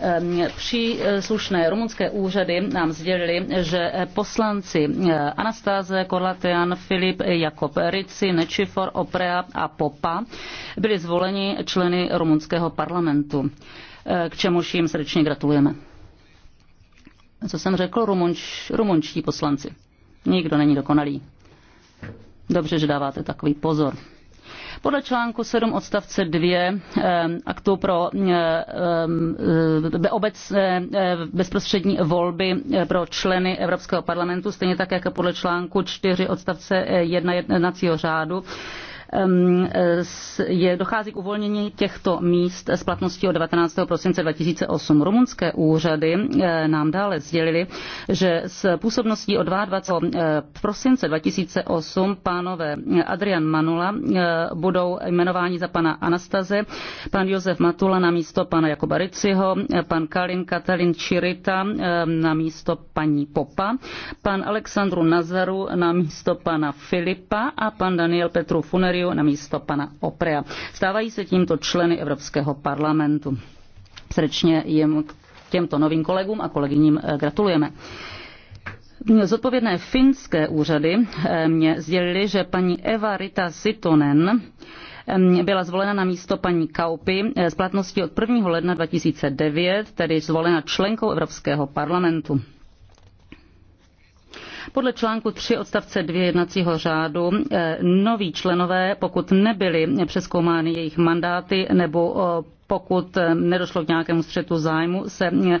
Ehm, příslušné rumunské úřady nám sdělili, že poslanci eh, Anastáze, Korlatean, Filip, Jakob Rici, Nečifor, Oprea a Popa byli zvoleni členy rumunského parlamentu, eh, k čemuž jim srdečně gratulujeme. Co jsem řekl, rumunč, rumunčtí poslanci. Nikdo není dokonalý. Dobře, že dáváte takový pozor. Podle článku 7 odstavce 2 eh, aktu pro eh, eh, obec bezprostřední volby pro členy Evropského parlamentu, stejně tak jako podle článku 4 odstavce 1 jednacího řádu, je, dochází k uvolnění těchto míst s platností od 19. prosince 2008. Rumunské úřady eh, nám dále sdělili, že s působností od 22. Eh, prosince 2008 pánové Adrian Manula eh, budou jmenováni za pana Anastaze, pan Josef Matula na místo pana Jakuba Riciho, pan Kalin Katalin Čirita na místo paní Popa, pan Alexandru Nazaru na místo pana Filipa a pan Daniel Petru Funeri Coelho na místo pana Oprea. Stávají se tímto členy Evropského parlamentu. Srdečně jim těmto novým kolegům a kolegyním eh, gratulujeme. Zodpovědné finské úřady eh, mě sdělili, že paní Eva Rita Sitonen eh, byla zvolena na místo paní Kaupy s platností od 1. ledna 2009, tedy zvolena členkou Evropského parlamentu. Podle článku 3 odstavce 2 jednacího řádu eh, noví členové, pokud nebyly přeskoumány jejich mandáty nebo eh, pokud eh, nedošlo k nějakému střetu zájmu, se eh, eh,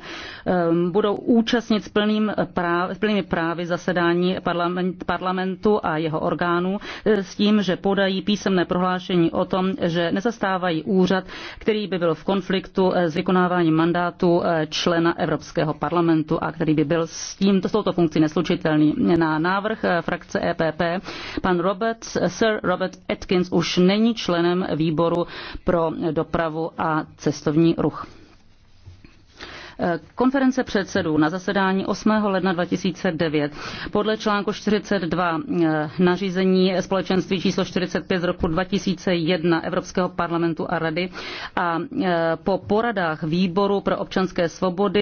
budou účastnit s plným práv, plnými právy zasedání parlament, parlamentu a jeho orgánů s tím, že podají písemné prohlášení o tom, že nezastávají úřad, který by byl v konfliktu s vykonáváním mandátu člena Evropského parlamentu a který by byl s, tím, s touto funkcí neslučitelný. Na návrh frakce EPP pan Robert, Sir Robert Atkins už není členem výboru pro dopravu a cestovní ruch. Eh, konference předsedů na zasedání 8. ledna 2009 podle článku 42 eh, nařízení společenství číslo 45 z roku 2001 Evropského parlamentu a rady a eh, po poradách výboru pro občanské svobody